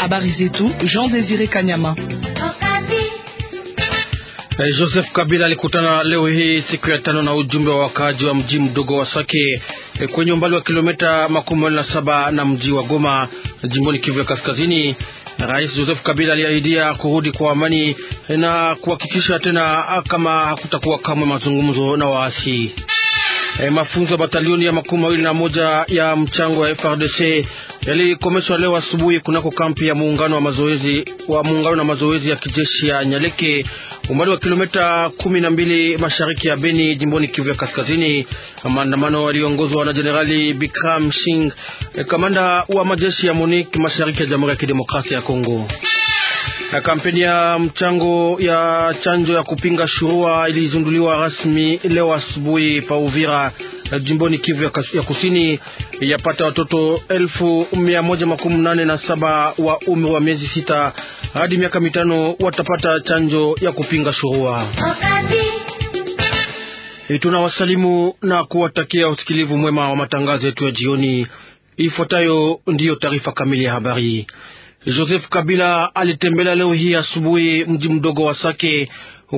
Habari zetu Jean Desire Kanyama. Eh, Joseph Kabila alikutana leo hii siku ya tano na ujumbe wa wakaaji wa mji mdogo wa Sake eh, kwenye umbali wa kilomita makumi na saba na mji wa Goma jimboni Kivu ya Kaskazini. Rais Joseph Kabila aliahidia kurudi kwa amani eh, na kuhakikisha tena kama hakutakuwa kamwe mazungumzo na waasi. E, mafunzo ya batalioni ya makumi mawili na moja ya mchango ya FRDC yalikomeshwa leo asubuhi kunako kampi ya muungano wa mazoezi wa muungano na mazoezi ya kijeshi ya Nyaleke umbali wa kilomita kumi na mbili mashariki ya Beni jimboni Kivu ya Kaskazini. Maandamano yaliongozwa na Jenerali Bikram Singh, eh, kamanda wa majeshi ya MONUC mashariki ya Jamhuri ya Kidemokrasia ya Kongo. Na kampeni ya mchango ya chanjo ya kupinga shurua ilizinduliwa rasmi leo asubuhi pa Uvira, jimboni Kivu ya Kusini. Yapata watoto elfu mia moja makumi nane na saba wa umri wa miezi sita hadi miaka mitano watapata chanjo ya kupinga shurua. Tunawasalimu na kuwatakia usikilivu mwema wa matangazo yetu ya jioni. Ifuatayo ndiyo taarifa kamili ya habari. Joseph Kabila alitembelea leo hii asubuhi mji mdogo wa Sake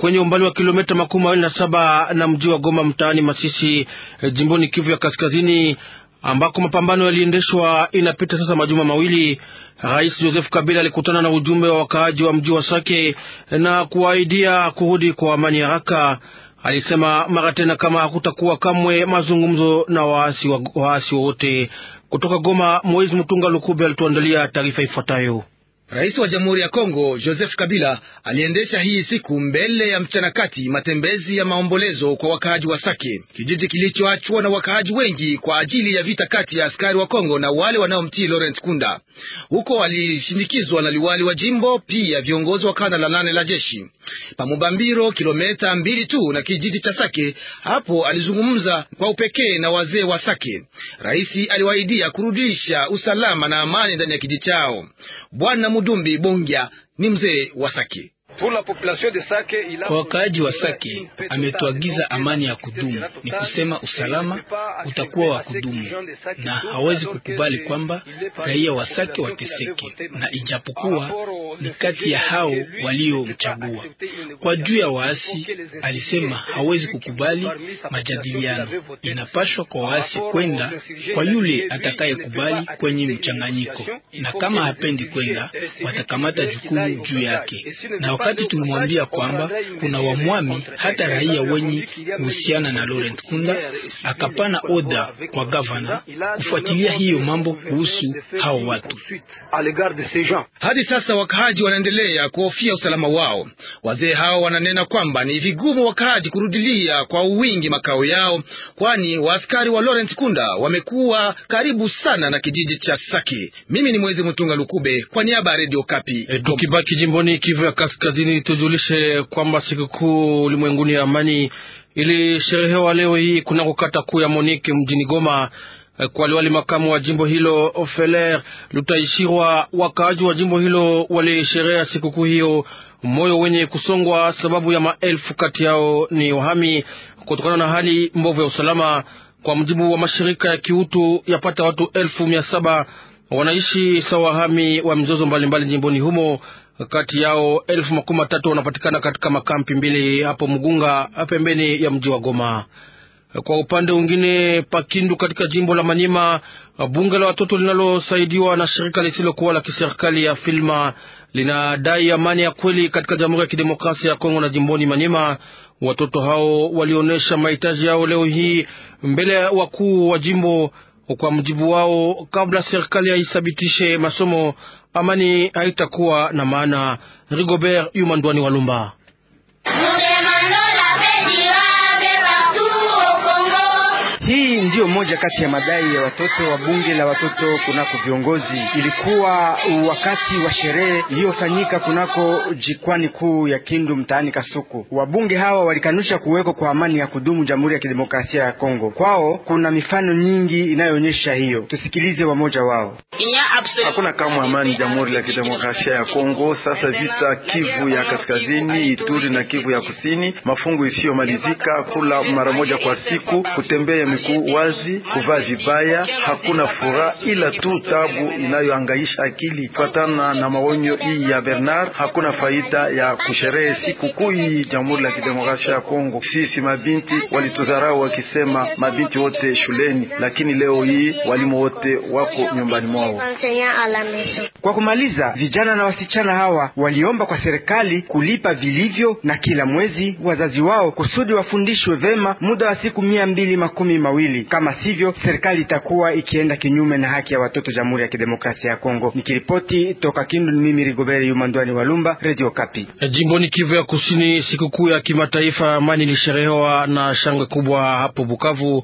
kwenye umbali wa kilomita makumi mawili na saba na mji wa Goma mtaani Masisi eh, jimboni Kivu ya Kaskazini ambako mapambano yaliendeshwa inapita sasa majuma mawili. Rais Joseph Kabila alikutana na ujumbe wa wakaaji wa mji wa Sake eh, na kuahidia kurudi kwa amani haraka. Alisema mara tena kama hakutakuwa kamwe mazungumzo na waasi wowote wa, kutoka Goma, Moise Mutunga Lukube alituandalia taarifa ifuatayo. Rais wa Jamhuri ya Kongo Joseph Kabila aliendesha hii siku mbele ya mchanakati matembezi ya maombolezo kwa wakaaji wa Sake, kijiji kilichoachwa na wakaaji wengi kwa ajili ya vita kati ya askari wa Kongo na wale wanaomtii Laurent Kunda. Huko alishindikizwa na liwali wa jimbo, pia viongozi wa kanda la nane la jeshi Pamubambiro, kilometa mbili tu na kijiji cha Sake. Hapo alizungumza kwa upekee na wazee wa Sake. Rais aliwaidia kurudisha usalama na amani ndani ya kijiji chao. Bwana Mudumbi Bongya ni mzee wa Saki. Kwa wakaaji wa Sake ametuagiza amani ya kudumu, ni kusema usalama utakuwa wa kudumu, na hawezi kukubali kwamba raia wa Sake wateseke, na ijapokuwa ni kati ya hao waliomchagua. Kwa juu ya waasi, alisema hawezi kukubali majadiliano, inapashwa kwa waasi kwenda kwa yule atakayekubali kwenye mchanganyiko, na kama hapendi kwenda watakamata jukumu juu yake na wakati tulimwambia kwamba kuna wamwami hata raia wenye kuhusiana na Laurent Kunda, akapana oda kwa gavana kufuatilia hiyo mambo kuhusu hao watu. Hadi sasa wakaaji wanaendelea kuhofia usalama wao. Wazee hao wananena kwamba ni vigumu wakaaji kurudilia kwa wingi makao yao, kwani waaskari wa Laurent Kunda wamekuwa karibu sana na kijiji cha Saki. Mimi ni Mwezi Mtunga Lukube kwa niaba ya Radio Kapi. E, tukibaki jimboni Kivu ya Kaskazini. Madini tujulishe kwamba sikukuu ulimwenguni ya amani ilisherehewa leo hii kunako kata kuu ya Monike mjini Goma. Kwa liwali makamu wa jimbo hilo Ofeler Lutaishirwa, wakaaji wa jimbo hilo walisherea sikukuu hiyo moyo wenye kusongwa, sababu ya maelfu kati yao ni wahami kutokana na hali mbovu ya usalama. Kwa mjibu wa mashirika ya kiutu, yapata watu elfu mia saba wanaishi sawa wahami wa mizozo mbalimbali jimboni humo kati yao elfu makumi matatu wanapatikana katika makampi mbili hapo Mgunga, pembeni ya mji wa Goma. Kwa upande mwingine, Pakindu katika jimbo la Manyema, bunge la watoto linalosaidiwa na shirika lisilokuwa la kiserikali ya Filma linadai amani ya kweli katika Jamhuri ya Kidemokrasia ya Kongo na jimboni Manyema. Watoto hao walionyesha mahitaji yao leo hii mbele ya wakuu wa jimbo. Kwa mjibu wao, kabla serikali haithibitishe masomo amani haitakuwa na maana. Rigobert Yumandwani Walumba moja kati ya madai ya watoto wa bunge la watoto kunako viongozi. Ilikuwa wakati wa sherehe iliyofanyika kunako jikwani kuu ya Kindu mtaani Kasuku. Wabunge hawa walikanusha kuweko kwa amani ya kudumu Jamhuri ya Kidemokrasia ya Kongo. Kwao kuna mifano nyingi inayoonyesha hiyo. Tusikilize wamoja wao. Hakuna kamwe amani Jamhuri ya Kidemokrasia ya Kongo. Sasa vita Kivu ya Kaskazini, Ituri na Kivu ya Kusini, mafungu isiyomalizika, kula mara moja kwa siku, kutembea mikuu wazi kazi, kuvaa vibaya, hakuna furaha, ila tu tabu inayoangaisha akili. Kufatana na maonyo hii ya Bernard, hakuna faida ya kusherehe sikukuu hii Jamhuri la Kidemokrasia ya Kongo. Sisi mabinti walitudharau wakisema mabinti wote shuleni, lakini leo hii walimu wote wako nyumbani mwao. Kwa kumaliza, vijana na wasichana hawa waliomba kwa serikali kulipa vilivyo na kila mwezi wazazi wao kusudi wafundishwe vema muda wa siku mia mbili makumi mawili kama kama sivyo, serikali itakuwa ikienda kinyume na haki ya watoto Jamhuri ya Kidemokrasia ya Kongo. Nikiripoti toka Kindu, mimi Rigobert Yumandwani Walumba, Radio Kapi. E, jimboni Kivu ya Kusini, sikukuu ya kimataifa amani ilisherehewa na shangwe kubwa hapo Bukavu.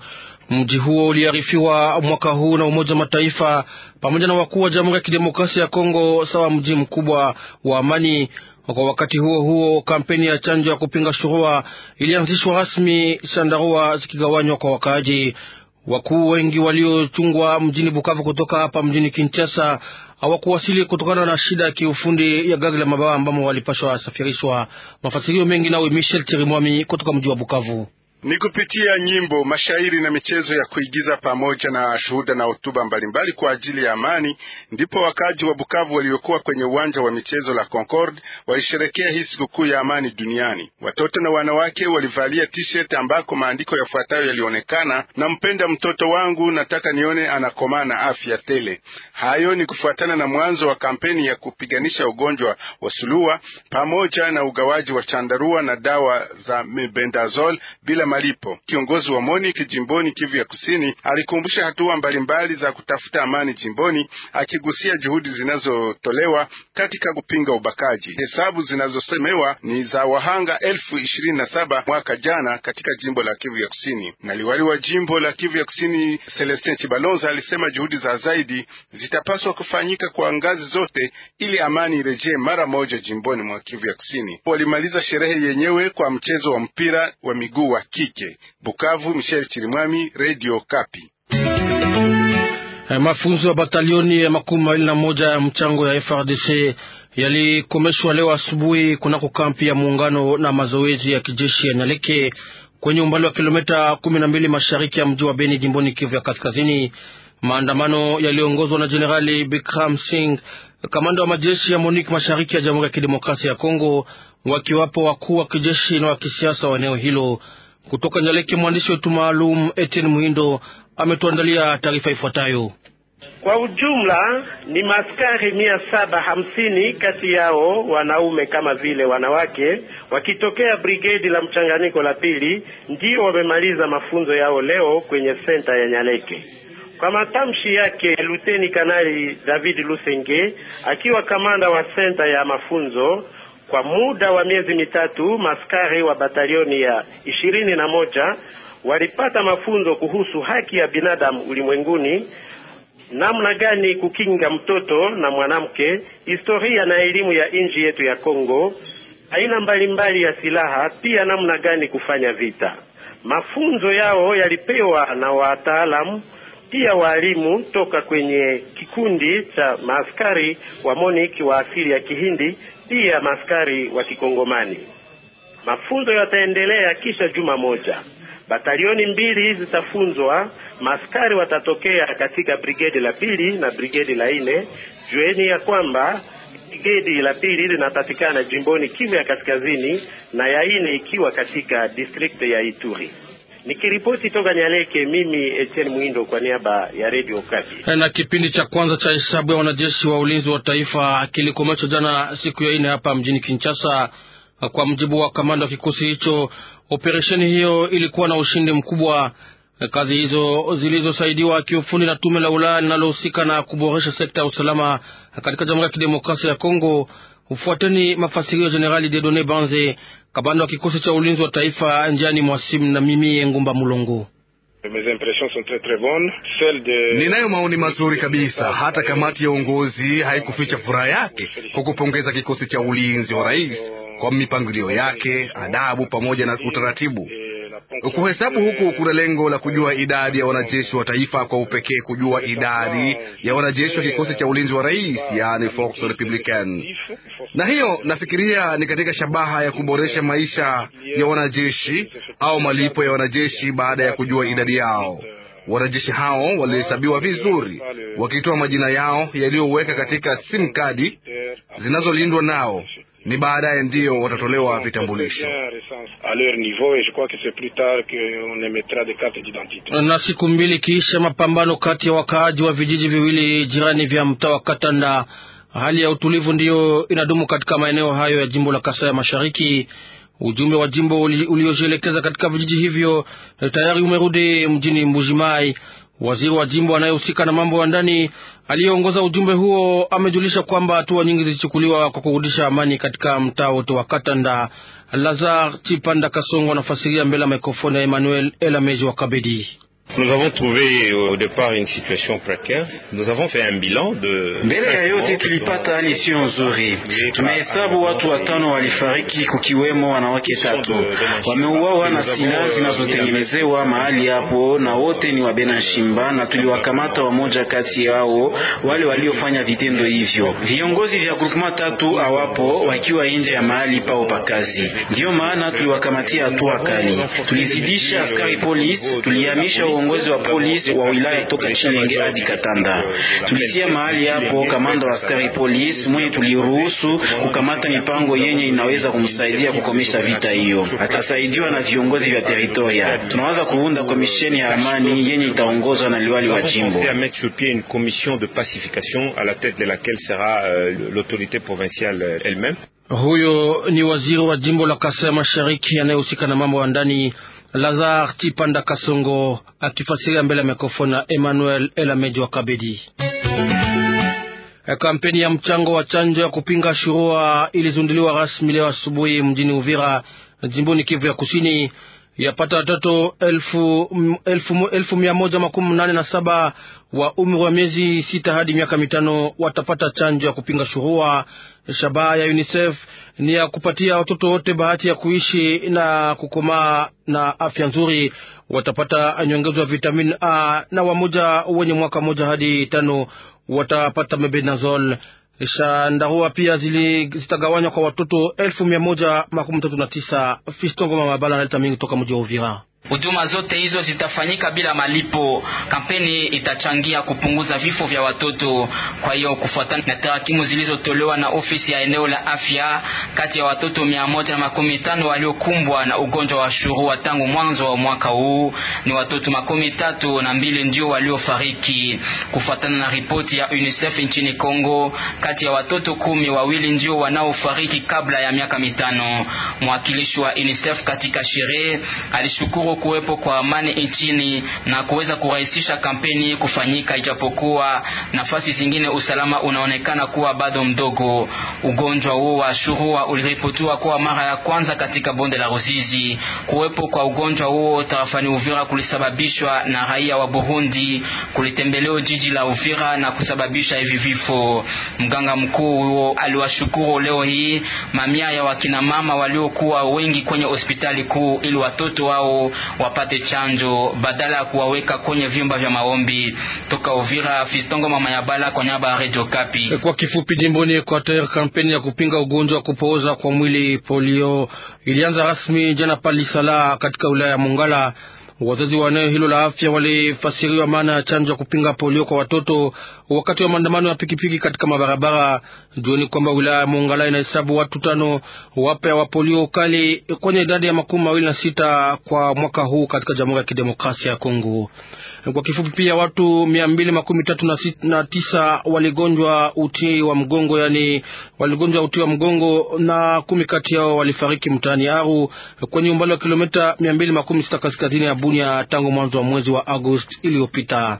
Mji huo uliarifiwa mwaka huu na Umoja wa Mataifa pamoja na wakuu wa Jamhuri ya Kidemokrasia ya Kongo sawa mji mkubwa wa amani. Kwa wakati huo huo, kampeni ya chanjo ya kupinga shurua ilianzishwa rasmi, chandarua zikigawanywa kwa wakaaji. Wakuu wengi waliochungwa mjini Bukavu kutoka hapa mjini Kinshasa hawakuwasili kutokana na shida ya kiufundi ya gari la mabawa ambamo walipashwa safirishwa. Mafasirio mengi nawe Michel Chirimwami kutoka mji wa Bukavu ni kupitia nyimbo, mashairi na michezo ya kuigiza pamoja na shuhuda na hotuba mbalimbali kwa ajili ya amani, ndipo wakaji wa Bukavu waliokuwa kwenye uwanja wa michezo la Concord walisherekea hii sikukuu ya amani duniani. Watoto na wanawake walivalia t-shirt ambako maandiko yafuatayo yalionekana: nampenda mtoto wangu, nataka nione anakomaa na afya tele. Hayo ni kufuatana na mwanzo wa kampeni ya kupiganisha ugonjwa wa sulua pamoja na ugawaji wa chandarua na dawa za mebendazol bila malipo. Kiongozi wa MONUC jimboni Kivu ya Kusini alikumbusha hatua mbalimbali za kutafuta amani jimboni, akigusia juhudi zinazotolewa katika kupinga ubakaji. Hesabu zinazosemewa ni za wahanga elfu ishirini na saba mwaka jana katika jimbo la Kivu ya Kusini. Na liwali wa jimbo la Kivu ya Kusini Celestin Chibalonza alisema juhudi za zaidi zitapaswa kufanyika kwa ngazi zote ili amani irejee mara moja jimboni mwa Kivu ya Kusini. Walimaliza sherehe yenyewe kwa mchezo wa mpira wa miguu wa ki Muzike. Bukavu, Michel Chirimwami, Radio Kapi. Eh, mafunzo ya batalioni ya makumi mawili na moja ya mchango ya FRDC yalikomeshwa leo asubuhi kunako kampi ya muungano na mazoezi ya kijeshi ya Nyaleke kwenye umbali wa kilomita kumi na mbili mashariki ya mji wa Beni jimboni Kivu ya Kaskazini. Maandamano yaliongozwa na Jenerali Bikram Singh, kamanda wa majeshi ya MONUC mashariki ya Jamhuri ya Kidemokrasia ya Kongo, wakiwapo wakuu wa kijeshi na wa kisiasa wa eneo hilo. Kutoka Nyaleki, mwandishi wetu maalum Etienne Muhindo ametuandalia taarifa ifuatayo. Kwa ujumla ni maskari mia saba hamsini kati yao wanaume kama vile wanawake wakitokea brigedi la mchanganyiko la pili ndio wamemaliza mafunzo yao leo kwenye senta ya Nyaleke. Kwa matamshi yake Luteni Kanali David Lusenge akiwa kamanda wa senta ya mafunzo kwa muda wa miezi mitatu, maskari wa batalioni ya ishirini na moja walipata mafunzo kuhusu haki ya binadamu ulimwenguni, namna gani kukinga mtoto na mwanamke, historia na elimu ya nchi yetu ya Kongo, aina mbalimbali ya silaha, pia namna gani kufanya vita. Mafunzo yao yalipewa na wataalamu pia waalimu toka kwenye kikundi cha maaskari wa MONUC wa asili ya Kihindi, pia maaskari wa Kikongomani. Mafunzo yataendelea kisha juma moja. Batalioni mbili hizi zitafunzwa. Maaskari watatokea katika brigedi la pili na brigedi la nne. Jueni ya kwamba brigedi la pili linapatikana jimboni Kivu ya Kaskazini na ya nne ikiwa katika distrikti ya Ituri. Nikiripoti toka Nyaleke, mimi Etienne Mwindo kwa niaba ya Radio Kapi. Eh, na kipindi cha kwanza cha hesabu ya wanajeshi wa ulinzi wa taifa kilikomeshwa jana siku ya ine hapa mjini Kinshasa. Kwa mjibu wa kamanda wa kikosi hicho, operesheni hiyo ilikuwa na ushindi mkubwa. Kazi hizo zilizosaidiwa kiufundi na tume la Ulaya linalohusika na kuboresha sekta ya usalama katika Jamhuri ya Kidemokrasia ya Kongo Ufuateni mafasirio ya Jenerali Dedone Banze, kamanda wa kikosi cha ulinzi wa taifa njiani mwasimu na mimi Ngumba Mulongo. Ninayo maoni mazuri kabisa. Hata kamati ya uongozi haikuficha furaha yake kwa kupongeza kikosi cha ulinzi wa rais kwa mipangilio yake, adabu pamoja na utaratibu. Kuhesabu huku kuna lengo la kujua idadi ya wanajeshi wa taifa, kwa upekee kujua idadi ya wanajeshi wa kikosi cha ulinzi wa rais, yaani Force Republican, na hiyo nafikiria ni katika shabaha ya kuboresha maisha ya wanajeshi au malipo ya wanajeshi baada ya kujua idadi yao. Wanajeshi hao walihesabiwa vizuri, wakitoa majina yao yaliyoweka katika sim kadi zinazolindwa nao ni baadaye ndio watatolewa vitambulisho na siku mbili kiisha mapambano kati ya wakaaji wa vijiji viwili jirani vya mtaa wa Katanda, hali ya utulivu ndiyo inadumu katika maeneo hayo ya jimbo la Kasai ya Mashariki. Ujumbe wa jimbo uliojielekeza katika vijiji hivyo eh, tayari umerudi mjini Mbujimai Waziri wa jimbo anayehusika na mambo ya ndani aliyeongoza ujumbe huo amejulisha kwamba hatua nyingi zilichukuliwa kwa kurudisha amani katika mtaa wote wa Katanda. Lazar Chipanda Kasongo anafasiria mbele ya mikrofoni ya Emmanuel Elameji wa Kabedi. Nous avons trouvé au départ une situation précaire. Nous avons fait un bilan de mbele yote tulipata hali isiyo nzuri. Tumehesabu watu watano walifariki, kukiwemo wanawake tatu wameuawa na silaha euh, zinazotengenezewa mahali hapo, na wote ni wabena shimba, na tuliwakamata wamoja kati yao wale waliofanya vitendo hivyo. Viongozi vya grupema tatu hawapo, wakiwa nje ya mahali pao pa kazi. Ndiyo maana tuliwakamatia hatua kali, tulizidisha askari polisi, tulihamisha uongozi wa polisi wa wilaya toka Chilenge hadi Katanda. Tulitia mahali hapo kamanda wa askari polisi mwenye tuliruhusu kukamata mipango yenye inaweza kumsaidia kukomesha vita hiyo. Atasaidiwa na viongozi vya teritoria. Tunawaza kuunda komisheni ya amani yenye itaongozwa na liwali wa jimbo euh, euh, Huyo ni waziri wa jimbo la Kasai Mashariki anayehusika na mambo ya ndani Lazar Tipanda Kasongo akifasiria mbele ya mikrofoni ya Emmanuel Elameji wa Kabedi. Kampeni ya mchango wa chanjo ya kupinga shurua ilizunduliwa rasmi leo asubuhi mjini Uvira, jimboni Kivu ya Kusini yapata watoto elfu, elfu, elfu mia moja makumi nane na saba wa umri wa miezi sita hadi miaka mitano watapata chanjo ya kupinga shurua. Shabaha ya UNICEF ni ya kupatia watoto wote bahati ya kuishi na kukomaa na afya nzuri. Watapata nyongezo ya vitamin A na wamoja wenye mwaka moja hadi tano watapata mebenazol. Shandarua pia zitagawanywa kwa watoto elfu mia moja makumi tatu na tisa. Fistongo Mama Bala analeta mingi toka mji wa Uvira. Huduma zote hizo zitafanyika bila malipo. Kampeni itachangia kupunguza vifo vya watoto. Kwa hiyo kufuatana na tarakimu zilizotolewa na ofisi ya eneo la afya, kati ya watoto mia moja na makumi tano waliokumbwa na ugonjwa wa shurua tangu mwanzo wa mwaka huu ni watoto makumi tatu na mbili ndio waliofariki, kufuatana na ripoti ya UNICEF nchini Kongo. Kati ya watoto kumi, wawili ndio wanaofariki kabla ya miaka mitano. Mwakilishi wa UNICEF katika sherehe alishukuru kuwepo kwa amani nchini na kuweza kurahisisha kampeni kufanyika, ijapokuwa nafasi zingine usalama unaonekana kuwa bado mdogo. Ugonjwa huo wa shurua uliripotiwa kuwa mara ya kwanza katika bonde la Ruzizi. Kuwepo kwa ugonjwa huo tarafani Uvira kulisababishwa na raia wa Burundi kulitembeleo jiji la Uvira na kusababisha hivi vifo. Mganga mkuu huo aliwashukuru leo hii mamia ya wakinamama waliokuwa wengi kwenye hospitali kuu ili watoto wao wapate chanjo badala ya kuwaweka kwenye vyumba vya maombi. Toka Uvira, Fistongo Mama Yabala kwa nyaba ya Radio Kapi. Eh, kwa kifupi, jimboni Equateur, kampeni ya kupinga ugonjwa wa kupooza kwa mwili polio ilianza rasmi jana palisala katika wilaya ya Mongala. Wazazi wa eneo hilo la afya walifasiriwa maana ya chanjo ya kupinga polio kwa watoto wakati wa maandamano ya pikipiki katika mabarabara jioni, kwamba wilaya ya Mongala inahesabu watu tano wapya wa polio ukali kwenye idadi ya makumi mawili na sita kwa mwaka huu katika Jamhuri ya Kidemokrasia ya Kongo. Kwa kifupi pia watu mia mbili makumi tatu na tisa waligonjwa uti wa mgongo, yani waligonjwa uti wa mgongo na kumi kati yao walifariki mtaani Aru kwenye umbali wa kilomita mia mbili makumi sita kaskazini ya Bunia tangu mwanzo wa mwezi wa Agosti iliyopita.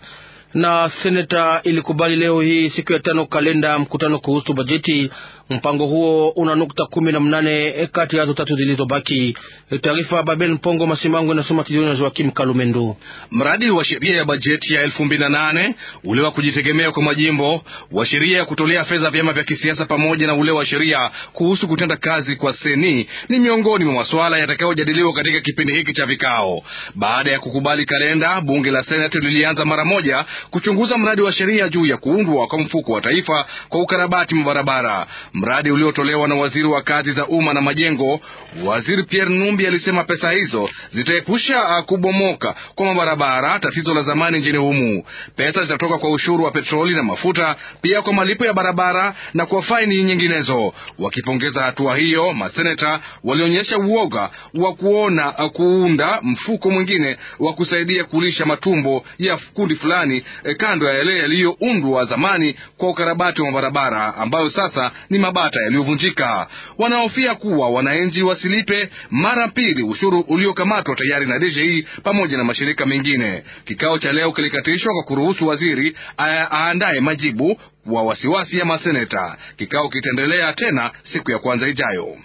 Na seneta ilikubali leo hii siku ya tano kalenda mkutano kuhusu bajeti Mpango huo una nukta kumi na mnane eh, kati yazo tatu zilizobaki. Eh, taarifa Baben Pongo Masimango inasoma Tidioni na Joakim Kalumendu. Mradi wa sheria ya bajeti ya elfu mbili na nane ule wa kujitegemea kwa majimbo wa sheria ya kutolea fedha vyama vya kisiasa pamoja na ule wa sheria kuhusu kutenda kazi kwa seni ni miongoni mwa masuala yatakayojadiliwa katika kipindi hiki cha vikao. Baada ya kukubali kalenda, bunge la Senati lilianza mara moja kuchunguza mradi wa sheria juu ya kuundwa kwa mfuko wa taifa kwa ukarabati mwa barabara mradi uliotolewa na waziri wa kazi za umma na majengo. Waziri Pierre Numbi alisema pesa hizo zitaepusha ah, kubomoka kwa mabarabara, tatizo la zamani nchini humu. Pesa zitatoka kwa ushuru wa petroli na mafuta, pia kwa malipo ya barabara na kwa faini nyinginezo. Wakipongeza hatua hiyo, maseneta walionyesha uoga wa kuona ah, kuunda mfuko mwingine wa kusaidia kulisha matumbo ya kundi fulani eh, kando ya yale yaliyoundwa zamani kwa ukarabati wa mabarabara ambayo sasa ni mabata yaliyovunjika. Wanahofia kuwa wananchi wasilipe mara pili ushuru uliokamatwa tayari na DJI e pamoja na mashirika mengine. Kikao cha leo kilikatishwa kwa kuruhusu waziri aandaye majibu wa wasiwasi ya maseneta. Kikao kitaendelea tena siku ya kwanza ijayo.